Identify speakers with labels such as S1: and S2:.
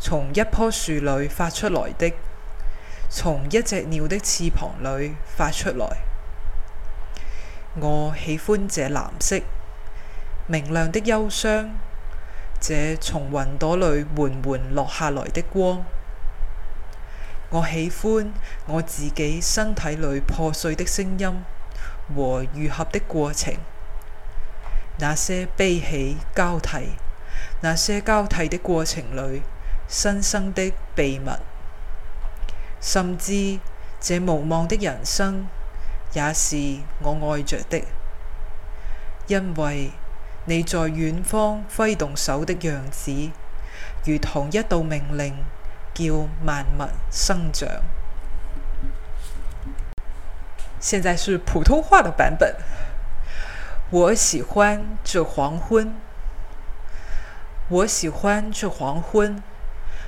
S1: 從一棵樹裏發出來的，從一隻鳥的翅膀裏發出來。我喜歡這藍色明亮的憂傷，這從雲朵裏緩緩落下來的光。我喜歡我自己身體裏破碎的聲音和愈合的過程，那些悲喜交替，那些交替的過程裏。新生的秘密，甚至這無望的人生，也是我愛着的，因為你在遠方揮動手的樣子，如同一道命令，叫萬物生長。現在是普通話的版本。我喜歡這黃昏，我喜歡這黃昏。